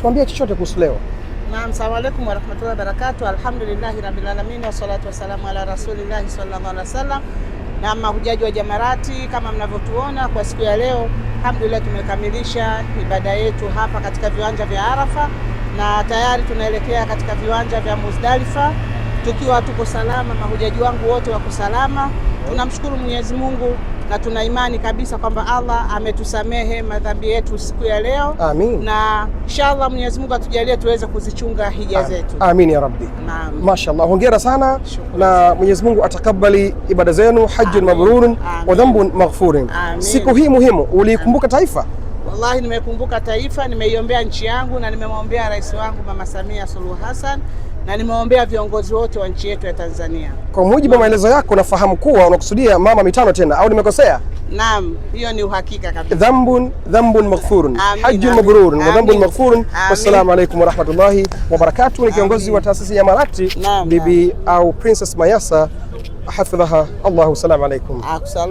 tuambie chochote kuhusu leo. Naam, salamu alaykum wa rahmatullahi wa barakatuh. Alhamdulillahi rabbil alamin wa salatu wa salamu ala rasulillahi sallallahu alaihi wasallam. Na mahujaji wa Jamarati, kama mnavyotuona kwa siku ya leo, alhamdulillah tumekamilisha ibada yetu hapa katika viwanja vya Arafa na tayari tunaelekea katika viwanja vya Muzdalifa tukiwa tuko salama, mahujaji wangu wote wako salama. Tunamshukuru Mwenyezi Mungu na tuna imani kabisa kwamba Allah ametusamehe madhambi yetu siku ya leo. Amin. Na inshallah Mwenyezi Mungu atujalie tuweze kuzichunga hija ah, zetu. Amin ya Rabbi. Naam. Mashaallah. Hongera sana Shukuru. Na Mwenyezi Mungu atakabali ibada zenu hajjun mabrurun wa dhanbun maghfurun. Siku hii muhimu ulikumbuka taifa Wallahi, nimekumbuka taifa, nimeiombea nchi yangu na nimemwombea rais wangu Mama Samia Suluhu Hassan na nimeombea viongozi wote wa nchi yetu ya Tanzania. Kwa mujibu wa maelezo yako, nafahamu kuwa unakusudia mama mitano tena au nimekosea? Naam, hiyo ni uhakika kabisa. Dhambun dhambun maghfurun hajjun mabrurun wa dhambun maghfurun. Wassalamu alaykum wa rahmatullahi wa barakatuh. Ni kiongozi wa taasisi ya Marati Bibi au Princess Mayasa hafidhaha Allahu. Salamu alaykum.